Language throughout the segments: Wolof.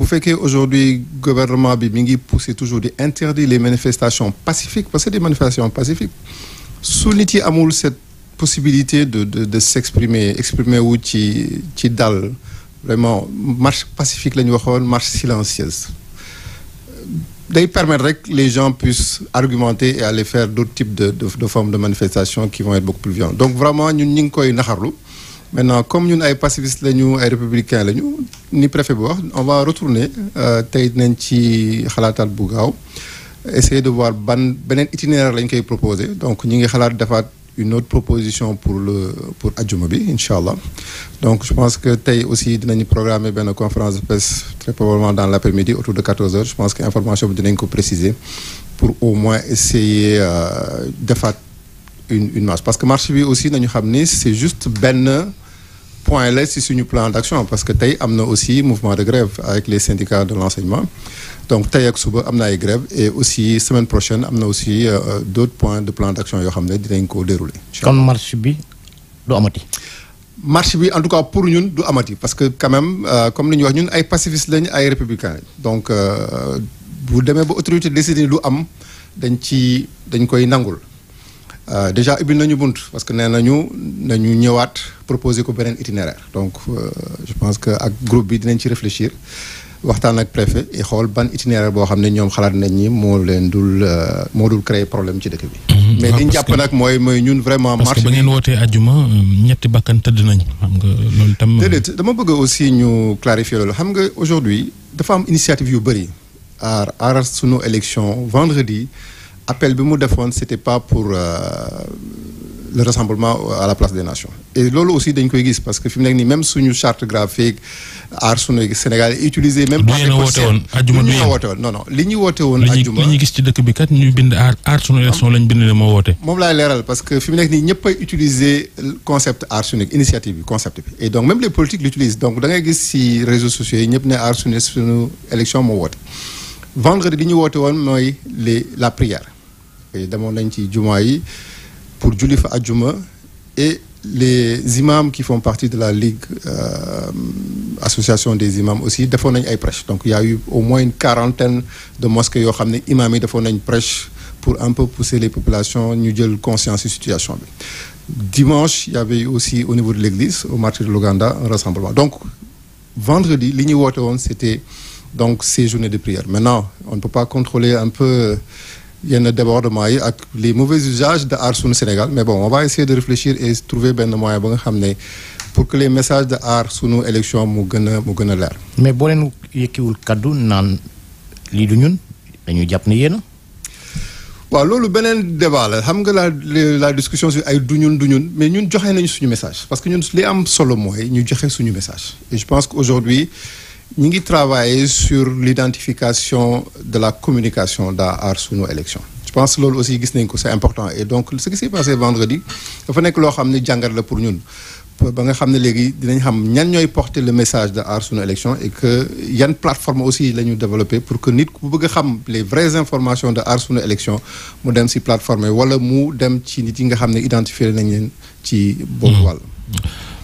bu fekkee aujourd'hui gouvernement bi mi ngi pousser toujours di interdire les manifestations pacifiques parce que des manifestations pacifiques su nit yi amul cette possibilité de de de s'exprimer exprimer wu ci ci dal vraiment marche pacifique la ñu waxoon marche silencieuse day permettre rek les gens puissent argumenter et aller faire d'autres types de de, de formes de manifestations qui vont être beaucoup plus violentes donc vraiment ñun ñu ngi koy naxarlu maintenant comme ñun ay pacifistes lañu ay républicains lañu ni préfet bi wax on va retourner euh, tey dinañ ci xalaatal bu gaaw essayer de voir ban beneen itinéraire lañ koy proposer donc ñu ngi xalaat defaat une autre proposition pour le pour ajuma bi incha allah donc je pense que tey aussi dinañu programmer benn conférence de presse très probablement dans l'après-midi autour de 14 heures je pense que information bi dinañ ko préciser pour au moins essayer euh, defaat une une marche parce que marché bi aussi nañu xam ni c'est juste benn point la si suñu plan d'action parce que tey am na aussi mouvement de grève avec les syndicats de l'enseignement donc tey ak suba am na ay grève et aussi semaine prochaine am na aussi euh, euh, d'autres point de plan d'action yoo xam ne dinañ ko dérouler. kon marche bi du amati. marche bi en tout cas pour ñun du amati parce que quand même euh, comme li ñu wax ñun ay pacifistes lañ ay républicains donc bu demee ba autorité décider lu am dañ ci dañ koy nangul. Euh, déjà ubbil nañu bunt parce que nee nañu nañu ñëwaat proposer ko beneen itinéraire donc euh, je pense que ak groupe bi dinañ ci réfléchir waxtaan ak préfet i xool ban itinéraire boo xam ne ñoom xalaat nañ ni moo leen dul euh, moo dul créer problème ci dëkk bi. Mhm. mais li ñu jàpp nag mooy mooy ñun vraiment. marché ba ngeen wootee àjjuma ñetti bakkan tëdd nañ. xam nga loolu tam. déedéet dama bëgg aussi ñu clarifier loolu xam nga aujourd'hui dafa am initiative yu bëri aar aar sunu élection vendredi. appel bi mu defoon c' était pas pour euh, le rassemblement à la place des nations et loolu aussi dañ koy gis parce que fi mu nekk nii même suñu charte graphique aar sunu Sénégal utilisé même. du woote woon ajjuma du yéen woote li ñu woote woon. ajjuma li ñu gis ci dëkk bi kat moo woote. moom laay leeral parce que fi mu nekk nii ñëpp a utiliser concept aar sunu initiative bi concept bi et donc même les politiques l'utilisent donc da ngay gis si réseaux sociaux yi ñëpp ne aar sunu sunu élection moo woote vendredi li ñu woote woon mooy les la prière. demoon nañ ci jumaa yi pour julli fa ajuma et les imams qui font partie de la ligue euh, association des imams aussi defoon nañ ay prêche donc y eu au moins une quarantaine de mosquées yoo xam ne imam yi defoon nañ prêche pour un peu pousser les populations ñu jël conscience ci situation bi dimanche y avait eu aussi au niveau de l'église au marché de l'Ouganda un rassemblement donc vendredi li ñu woote woon c'était donc ces journées de prière maintenant on ne yenn débordement yi ak les mauvais usages de aar sunu Sénégal mais bon on va essayer de réfléchir et trouver benn moyen ba nga xam ne pour que les messages de aar sunu élection mu gën a mu gën a leer. mais boo leen yëkkiwul kaddu naan lii du ñun dañuy jàpp ni yéen waaw loolu beneen débat la xam nga la la discussion sur ay du ñun du ñun mais ñun joxe nañu suñu message parce que ñun li am solo mooy ñu joxe suñu message je pense que aujourd'hui ñu ngi travailler sur l'identification de la communication dans Aar Sunu Élection je pense loolu aussi gis nañ ko c'est important et donc ce qui s'est passé vendredi dafa nekk loo xam ne jàngat la pour ñun ba nga xam ne léegi dinañ xam ñan ñooy porter le message de Aar Sunu Élection et que yan plateforme aussi la ñu développé pour que nit ku bëgg xam les vraies informations de Aar Sunu Élection mu dem si plateforme yi wala mu dem ci nit yi nga xam ne identifié nañ leen ci boobu hmm. wàll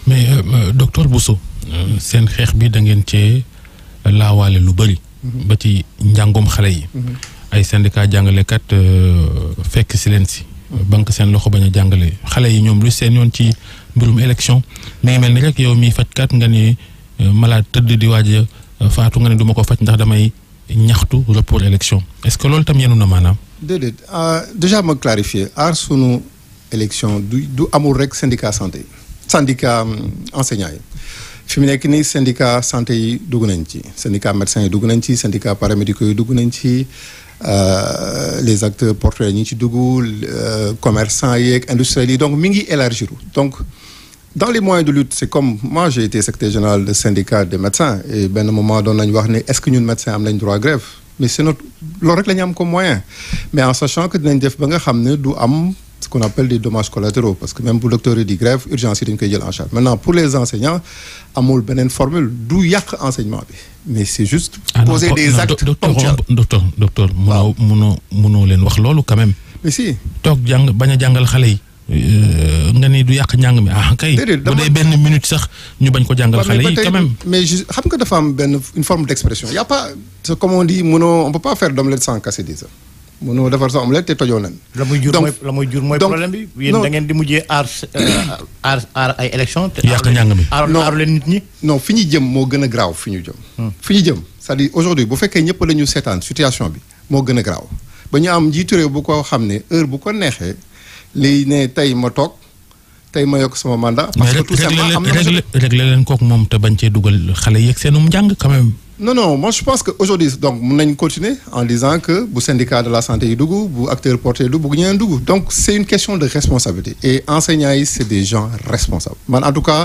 mais euh, euh, docteur Bousso euh, xeex bi da ngeen cee laawaale lu bëri. Mhm. ba ci njàngum xale yi. Mhm. ay syndicat jàngalekat euh, fekk si leen si. Mhm. banque seen loxo bañ a jàngale xale yi ñoom lu seen yoon ci mbirum élection mi mel ni rek yow miy fajkat nga ne euh, malade tëdd di waaj a euh, faatu nga ne duma ko faj ndax damay ñaxtu report élection est-ce que loolu tam yenu na maanaam. déedéet ah, déjà ma clarifier aar sunu élection du du amul rek syndicat santé syndicat enseignant yi. fi mu nekk nii syndicat santé yi dugg nañ ci syndicat médecins yi dugg nañ ci syndicat paramédicaux yi dugg nañ ci euh, les acteurs porteurs ñi ci dugg euh, commerçants yeeg industriels yi donc mi ngi élargir donc dans les moyens de lutte c'est comme moi j'ai été secrétaire général de syndicat des médecins et benn moment doon nañ wax ne est-ce que ñun médecins am nañ droit grève mais c'est notre loolu rek la am comme moyen mais en sachant que dinañ def ba nga xam ne du am ce qu'on appelle des dommages collatéraux parce que même bu docteur yi di grève urgence dañ koy jël en charge maintenant pour les enseignants amul beneen formule du yàq enseignement bi mais c'est juste poser des actes ponctuels docteur leen wax loolu quand même toog jàng bañ a jàngal xale yi euh, nga ni du yàq njàng mi ah kay. déedéet bu dee benn minute sax ñu bañ ko jàngal xale yi quand même. mais xam nga dafa am benn une forme d'expression y a pas comme on dit munoo on peut pas faire mënoo defar sa omelette te tojoo nen. la muy jur mooy la muy jur mooy bi. yéen da di mujjee aar euh, aar ay élection te yàq njàng mi aar aar leen nit ñi. non fi ñu jëm moo gën a graaw fi ñu jëm. Hmm. fi ñu jëm sa à dire aujourd'hui bu fekkee ñëpp la ñu seetaan situation bi moo gën a graaw ba ñu am njiitu bu ko xam ne heure bu ko neexee li ne tey ma toog. tey ma yokk sama mandat. parce que tout simplement am na régler moom te bañ cee dugal xale yeeg seenum njàng quand même. que aujourd'hui donc mun nañ continuer en disant que bu syndicat de la santé yi dugg bu acteur porté dugg bu ñeneen dugg donc c'est une question de responsabilité et enseignants yi c'est des gens responsables man en tout cas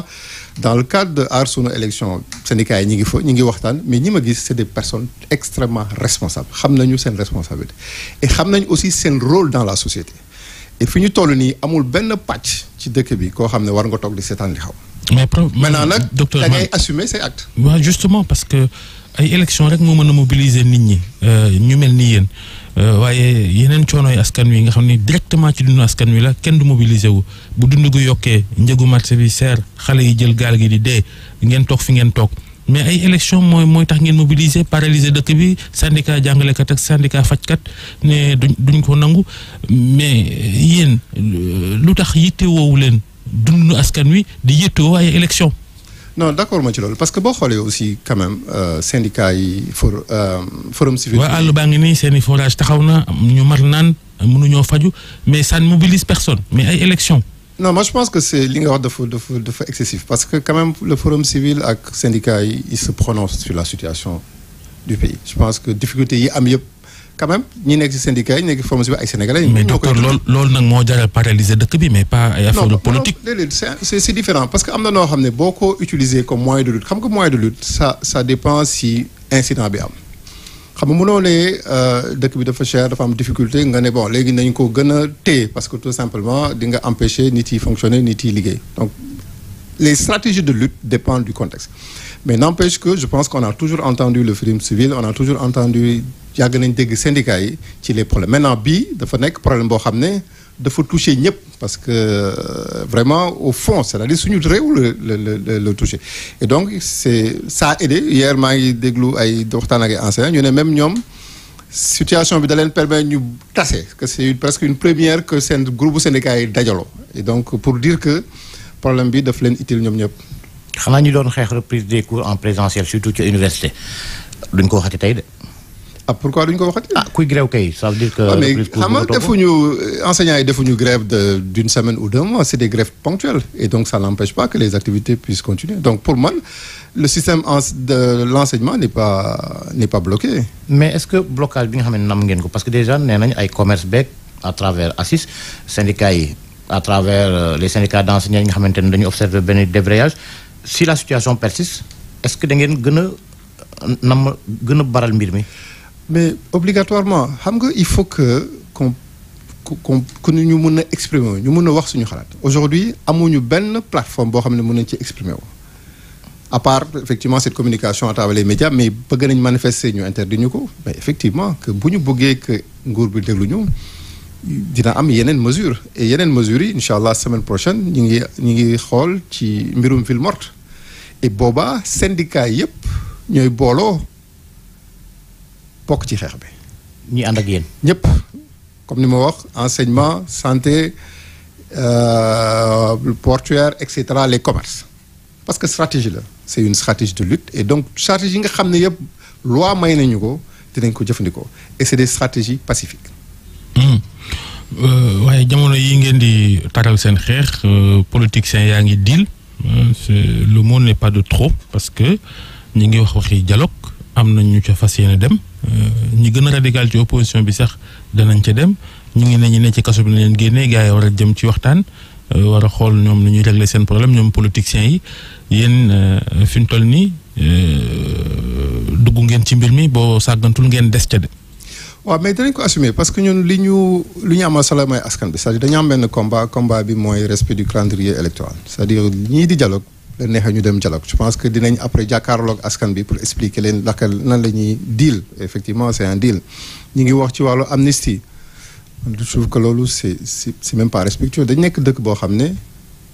dans le cadre de aar sunu élection syndicats yi ñi ngi fa ñi ngi waxtaan mais ñi ma gis c'est des personnes extrêmement responsables xam nañu seen responsabilité et xam nañ aussi seen rôle dans la société fi ñu toll nii amul benn pàcc ci dëkk bi koo xam ne war nga toog di seetaan li xaw. mais pro maintenant nag da ngay assumer ses actes. waaw justement parce que ay élection rek moo mën a mobiliser nit ñi euh, ñu mel ni yéen euh, waaye yeneen coono yi askan wi nga xam ne directement ci dundu askan wi la kenn du mobiliser wu bu dund gu yokkee njëgu marché bi seer xale yi jël gaal gi di dee ngeen toog fi ngeen toog. mais ay élection mooy mooy tax ngeen mobiliser paralyser dëkk bi syndicat jàngalekat ak syndicat fajkat ne duñ duñ ko nangu mais yéen lu tax yitte woowu leen dundu askan wi di yitte woo ay élection non d' accord ma ci loolu parce que boo xoolee aussi quand même euh, syndicat yi for euh, forum civil. waa àll baa ngi nii seen i forage taxaw na ñu mar naan mënuñoo faju mais ça ne mobilise personne mais ay élection non moi je pense que c'est li nga wax dafa dafa dafa excessif parce que quand le forum civil ak syndicat yi se prononcent sur la situation du pays je pense que difficulté yi am yëpp quand même nekk ci syndicat yi ñu nekk forum civil ak sénégalais mais docteur loolu nag moo jaral paralyser dëkk bi mais pas ay affaire politique déedéet c'est c'est différent parce que am na noo xam ne boo ko utiliser comme moyen de lutte xam nga moyen de lutte ça dépend si incident bi am xam nga mënoo ne euh, dëkk bi dafa chair dafa am difficulté nga ne bon léegi nañ ko gën a parce que tout simplement dinga nga empêcher nit yi fonctionner nit yi liggéey donc les stratégies de lutte dépendent du contexte mais n'empêche que je pense qu'on a toujours entendu le forum civil on a toujours entendu yàgg nañ dégg syndicats yi ci les problèmes maintenant bii dafa nekk problème boo xam ne dafa touché ñëpp parce que euh, vraiment au fond c'est-à-dire suñu réew la la la la touché et donc c'est ça a hier maa ngi déglu ay waxtaan ak en enseignants ñu ne même ñoom situation bi daleen leen ñu tase que c'est presque une première que seen groupe syndicat yi dajalo et donc pour dire que problème bi daf leen util ñoom ñëpp. naa ñu doon xeex reprise de cours en présentiel surtout ci université duñ ko waxati tey de. ah pourquoi duñ ko waxati. ah kuy grève kay ça veut dire que. Ah, mais xam nga defuñu enseignants yi defuñu grève de d' semaine ou deux mois c' des grèves ponctuelles et donc ça n' empêche pas que les activités puissent continuer donc pour man le système de l' enseignement n' est pas n' est pas bloqué. mais est ce que blocage bi nga xam ne nam ngeen ko parce que déjà nee nañ ay commerce beeg à travers ACIS syndicats yi à travers euh, les syndicats d' yi nga xamante ne dañu observer benn débrayage si la situation persiste est ce que da ngeen gën a euh, nam gën a baral mbir mi. mais obligatoirement xam nga il faut que qu'on qu'on nu ñu mun a exprimer ñu mun a wax suñu xalaat aujourd'hui amuñu benn plateforme boo xam ne mën nañ ci exprimer wu à part effectivement cette communication à travers les médias mais bëgg nañ manifester ñu interdit ñu ko mais effectivement que bu ñu bëggee que nguur bi déglu ñu dina am yeneen mesure yeneen mesures yi incha allah semaine prochaine ñu ngi ñu ngi xool ci mbirum ville morte et boobaa syndicat yëpp ñooy booloo bokk ci xeex bi. ñi ànd ak yéen. ñëpp comme ni ma wax enseignement santé euh, portuaire et cetera les commerces parce que stratégie la c'est une stratégie de lutte et donc stratégie nga xam ne yëpp loi may nañu ko dinañ ko jëfandikoo et c'est des stratégies pacifiques. Hmm. Euh, waaye jamono yi ngeen di taral seen xeex euh, politiciens yaa ngi diil euh, le mot n'est pas de trop parce que ñi ngi wax waxi dialogue am nañ ñu ca fas yéene dem euh, ñi gën a radical ci opposition bi sax danañ ca dem ñu ngi ne ñu ne ci kaso bi na leen génnee gars yi war a jëm ci waxtaan euh, war a xool ñoom lu ñuy régler seen problème ñoom politiciens yi yéen euh, fi ñu toll nii dugg ngeen ci mbir mi boo sàggantul ngeen des ca de. waaw mais dinañ ko assumer parce que ñun li ñu li ñu amal solo mooy askan bi cest à dañu am benn combat combat bi mooy respect du calendrier électoral cest à ñii di jaloo neexee ñu dem dialogue je pense que dinañ après jàkkaarloog askan bi pour expliquer leen naka nan la ñuy deal effectivement c'est un deal ñu ngi wax ci wàllu amnistie je trouve que loolu c'est c'est même pas respectueux dañ nekk dëkk boo xam ne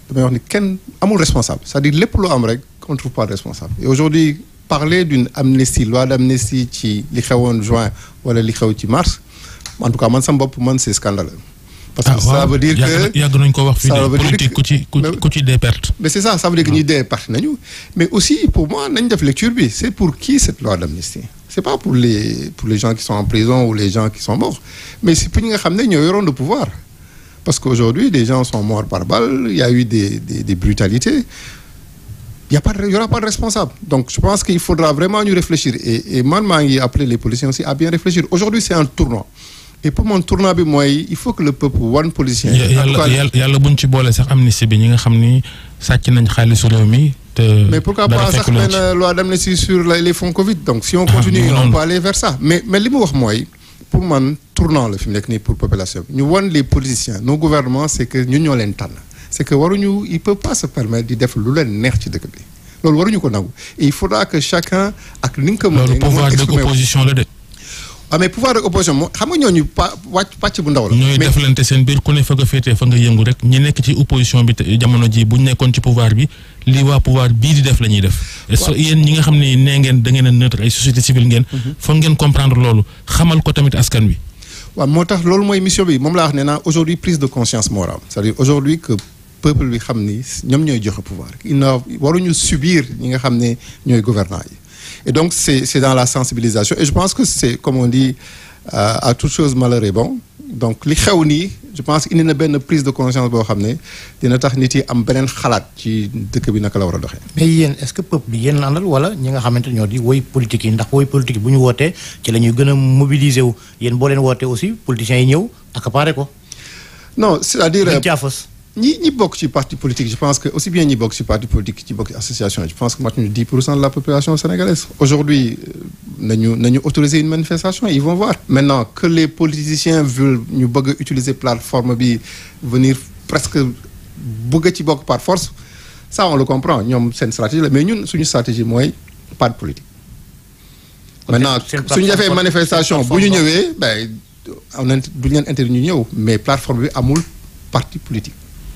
damay wax ni kenn amul responsable c'est-à-dire lépp loo am rek on trouve pas responsable et aujourd'hui parler d'une amnistie loi d'amnistie ci li xewoon juin wala li xew ci mars en tout cas man sam bopp man si scandaleux parce que ça veut dire que yàgg nañ ko wax mais aussi pour moi nañ def lecture bi c'est pour qui cette loi d'amnistie c'est pas pour les gens qui sont en prison ou les gens qui sont morts mais c'est pour ñi nga xam ne ñoo yoroon le pouvoir parce qu'aujourd'hui des gens sont morts par balle il y a eu des des, des brutalités il y aura pas de responsable donc je pense qu'il faudra vraiment ñu réfléchir et et man appeler les policiers aussi bien réfléchir et pour bi mooy il faut que le peuple wan politicien. yàlla mais li mu wax mooy pour man tournant la fi mu nekk nii pour population bi ñu wan les politiciens nos que ñun ñoo leen tànn c'est que waruñu il peut pas se permettre di def lu leen neex ci dëkk bi loolu waruñu ko nangu et il faudra que chacun ak ni nga ko mënee. loolu pouvoir de l'opposition la de. amee ah, mais pouvoir ak opposition moom xam nga ñooñu pa wàcc pàcc bu ndaw la. ñooy deflante seen biir ku ne fa nga féetee fa nga yëngu rek ñi nekk ci opposition bi jamono ji bu ñu nekkoon ci pouvoir bi li waa pouvoir bii di def la ñuy def. waaw yéen ñi nga xam ne nee ngeen da a neutre ay société civile ngeen. Mhm. foog ngeen comprendre loolu xamal ko tamit askan wi. waa moo tax loolu mooy mission bi moom laa wax nee naa aujourd'hui prise de conscience morale c'est-à-dire aujourd'hui bi xam ni ñoom ñooy joxe pouvoir il na waruñu subir ñi nga xam ne ñooy gouvernants yi Et donc, c'est dans la sensibilisation. Et je pense que c'est, comme on dit, euh, à toute chose malheur est bon. donc li xew nii je pense indi na benn prise de conscience boo xam ne dina tax nit yi am beneen xalaat ci dëkk bi naka la war a doxee. mais yéen est-ce que peuple bi yéen àndal wala ñi nga xamante ñoo di woy politique yi ndax woy politique yi bu ñu wootee ci la ñuy gën a mobiliser wu yéen boo leen wootee aussi politiciens yi ñëw accaparé ko. non c'est-à-dire caafas. ñi bokk ci parti politique je pense que aussi bien ñi bokk ci parti politique ci bokk ci association je pense que mat ñu 10 pour cent de la population sénégalaise aujourd'hui euh, nañu nañu autoriser une manifestation ils vont voir maintenant que les politiciens veulent ñu bëgg utiliser plateforme bi venir presque bëgg ci bokk par force ça on le comprend ñoom seen stratégie la mais ñun suñu stratégie mooy pas de politique maintenant suñu defee manifestation bu ñu ñëwee ben on duñu leen interdit ñu ñëw mais plateforme bi amul parti politique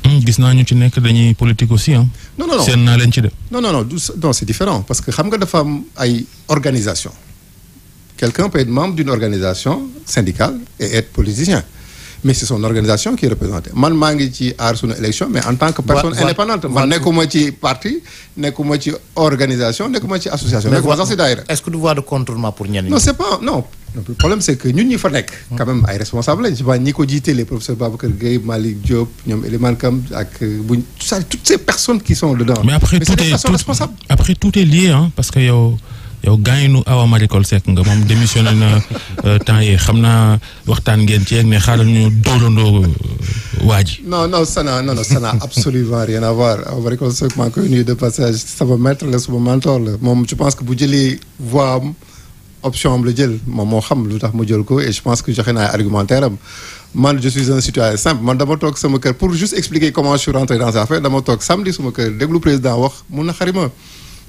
Hmm, gis naa ñu ci nekk dañuy politique aussi ah. non non non seen naa leen ci de. non non non non c'est différent parce que xam nga dafa ay organisation quelqu'un peut être membre d'une organisation syndicale et être politicien. ma c'est son organisation qui est représentée man maa ngi ci aar sunu élection mais en tant que personne indépendante man nekkuma ci parti nekkuma ci organisation nekkuma ci association nekkuma c'est pas non le problème c'est que ñun ñi fa hmm. quand même ay responsable je pense ñi ko jiite les professeurs Babacar Gueye Malick Diop Kam ak euh, buñ toutes ces personnes qui sont dedans mais après tout est tout, après tout est yow gaañu Awa Marie Coll Seck nga moom démissionné na euh, temps yi xam naa waxtaan ngeen ci ak ne xaaral nu dóorandoo euh, waa ji. non non ça n'a non non ça n'a absolument rien à voir Awa Marie Coll Seck maa ngi koy de passage sama maître la sama mentor la moom je pense que bu jëlee voie am option am la jël moom moo xam lu tax mu jël ko et je pense que joxe naa argumentaire am man je suis un citoyen simple man dama toog sama kër pour juste expliquer comment je suis rentré dans toog samedi sama kër déglu président wax mu na xarima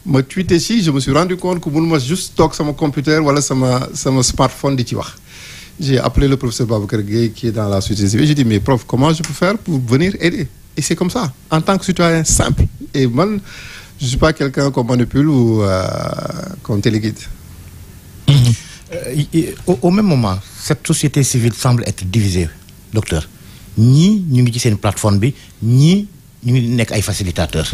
ma tweeté si je me suis rendu compte que mënuma juste toog sama computer wala sama smartphone di ci wax j'ai appelé le professeur Babacar Gueye qui est dans la société civile j'ai dit mais prof comment je peux faire pour venir aider et c'est comme ça en tant que citoyen simple et man je suis pas quelqu'un qu'on manipule ou euh, qu'on téléguide euh, au, même moment cette société civile semble être divisée docteur ñii ñu ngi ci seen plateforme bi ñii ñu ngi nekk ay facilitateurs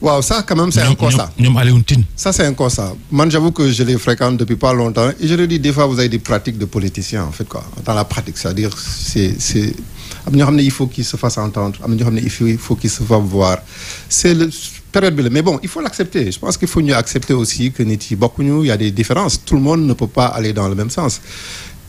waaw ça quand même c'est un constat ñoom Alioune Tine ça c'est un constat man j'avoue que je les fréquente depuis pas longtemps et je le dis des fois vous avez des pratiques de politiciens en fait quoi dans la pratique c'est-à-dire c'est c'est am na ñoo xam ne il faut qu'ils se fassent entendre am na ñoo xam ne il faut qu'ils se fassent voir c'est le période bi la mais bon il faut l'accepter je pense qu'il faut ñu accepter aussi que nit yi bokkuñu il y a des différences tout le monde ne peut pas aller dans le même sens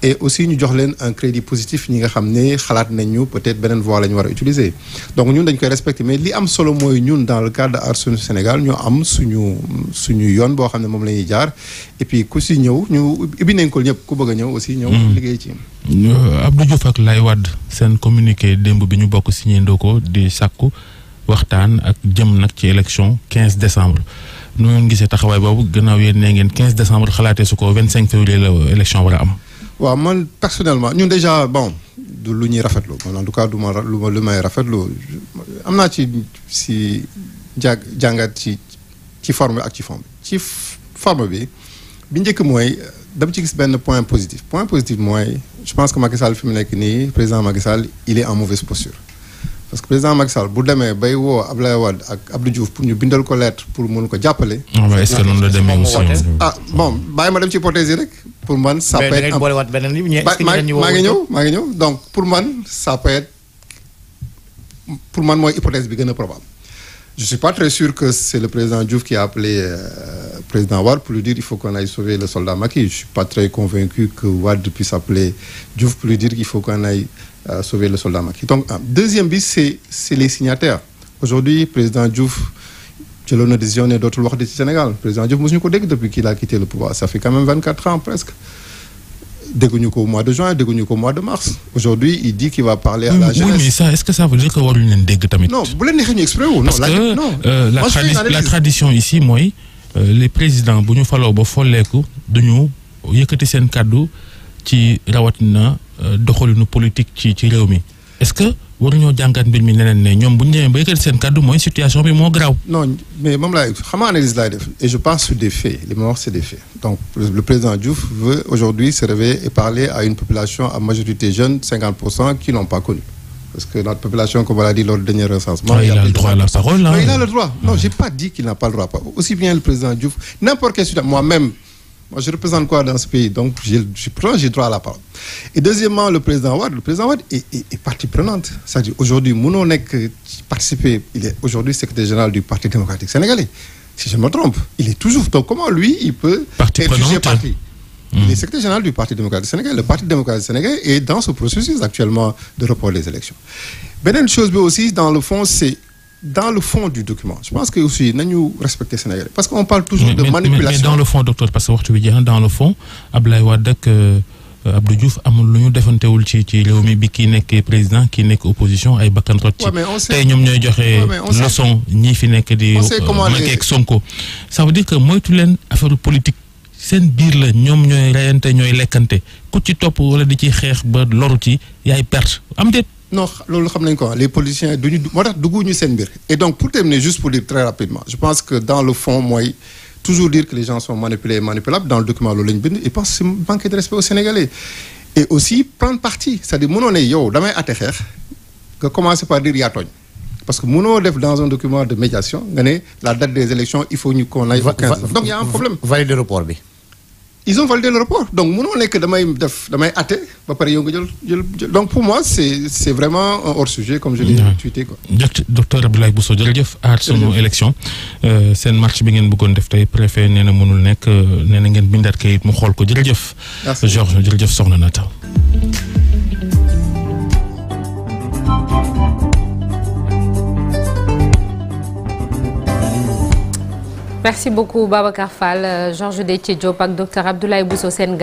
et aussi ñu jox leen un crédit positif ñi nga xam ne xalaat nañ ñu peut-être beneen voie la ñu war a utiliser donc ñun dañ koy respecter mais li am solo mooy ñun dans le cadre de Aar Sénégal ñoo am suñu suñu yoon boo xam ne moom lañuy jaar et puis ku si ñëw ñu ubbi nañ ñëpp ku bëgg a ñëw aussi ñëw mm. liggéey ci Abdou Diouf ak Lay wadd seen communiqué démb bi ñu bokk signé ndoo ko di sàkku waxtaan ak jëm nag ci élection 15 décembre nu ngeen gisee taxawaay boobu gannaaw yéen nee ngeen 15 décembre xalaatee su ko 25 février la am waaw man personnellement ñun déjà bon lu ñuy rafetlu man en tout cas du ma lu ma lu may rafetlu am naa ci si jàng jàngat ci ci forme ak ci forme ci forme bi bi njëkk mooy dama ci gis benn point positif point positif mooy je pense que Macky Sall fi mu nekk nii président Macky Sall il est en mauvaise posture parce que président Macky Sall bu demee bay woo Abdoulaye Wade ak Abdou pour ñu bindal ko lettre pour mun ko jàppale. Ah, est-ce que noonu ah, ma dem ci hypothèse yi rek. pour man ça peut être maa ngi ñëw maa ngi ñëw donc pour man ça pour man mooy hypothèse bi gën a probable je suis pas très sûr que c'est le président Diouf qui a appelé euh, président Wade pour lui dire il faut qu'on aille sauver le soldat Macky je suis pas très convaincu que Wade puisse appeler Diouf pour lui dire qu'il faut qu'on aille euh, sauver le soldat Macky donc euh, deuxième bi c'est c'est les signataires aujourd'hui président Diouf ci loolu na décision ne dootul wax di ci Sénégal président Diouf mosuñu ko dégg depuis qu'il a quitté le pouvoir ça fait quand même 24 ans presque dégguñu ko mois de juin dégguñu ko mois de mars aujourd'hui il dit qu'il va parler à la jeunesse oui est-ce que ça veut dire que waruñu leen dégg tamit. non bu leen neexee ñu exprimer wu. la euh, tradition ici mooy euh, les président bu ñu faloo ba folleeku duñu yëkkati seen kàddu ci na euh, doxalinu politique ci ci réew mi. est-ce que waruñoo jàngat mbir mi neneen ne ñoom bu ñu demee ba yëkkati seen kàddu mooy situation bi moo garaaw. non mais moom laay xam analyse laay def et je pense des faits li ma c'est des faits donc le président Diouf veut aujourd'hui se et parler à une population à majorité jeune qui n'ont pas connu. parce que notre population comme on l'a dit lors dernier recensement. Ah, il a le droit la parole là. non il a le droit non ah. j'ai pas dit qu'il n'a pas le Moi, je représente quoi dans ce pays Donc, j'ai, j'ai droit à la parole. Et deuxièmement, le président Ouad, le partie prenante. C'est-à-dire, aujourd'hui, Mouno Nek participé, il est aujourd'hui secrétaire général du Parti démocratique sénégalais. Si je me trompe, il est toujours. comment lui, il peut être jugé parti il hmm. est secrétaire général du Parti démocrate du Sénégal. dans ce processus actuellement de report des élections. Beneen chose bi aussi, dans le fond, dans le fond du document que aussi nañu respecter Sénégalais parce que on parle toujours mais, de manipulation mais, mais dans le fond waxtu bi jeex na dans le fond Abdoulaye Wade ak euh, Abdou Diouf amul lu ñu defantewul ci ci réew mi bi kii nekk président kii nekk opposition ay bakkan rot ci tey ñoom ñooy joxe leçon ñii fi nekk di euh, Macky ak Sonko ça veut que moytu leen affaire politique seen biir la ñoom ñooy reyante ñooy lekkante ku ci topp wala di ci xeex ba loru ci yaay perte am déet non loolu xam nañ ko les politiciens duñu moo tax dugguñu seen mbir et donc pour terminer juste pour dire très rapidement je pense que dans le fond mooy toujours dire que les gens sont manipulés et manipulables dans le document loolu la bind et parce que c'est manquer de yow damay atte xeex nga commencer par dire yaa tooñ parce que mënoo def dans un document de médiation nga ne la date des élections il faut ñu qu'on donc il un problème bi ils ont validé le report donc mënoo nekk damay def damay atte ba pare yow nga jël jël donc pour moi c'est c'est vraiment un hors sujet comme je l'ai tweeté quoi. jërëjëf docteur Abdoulaye Bousso jërëjëf aar sunu élection euh, seen marche bi ngeen bëggoon def tey préfet nee na mënul nekk euh, nee na ngeen bindaat kayit mu xool ko jërëjëf. merci Georges jëf soxna Nata. merci beaucoup Babacar Fall euh, Georges Dethié Diop ak docteur Abdoulaye Bousso Sène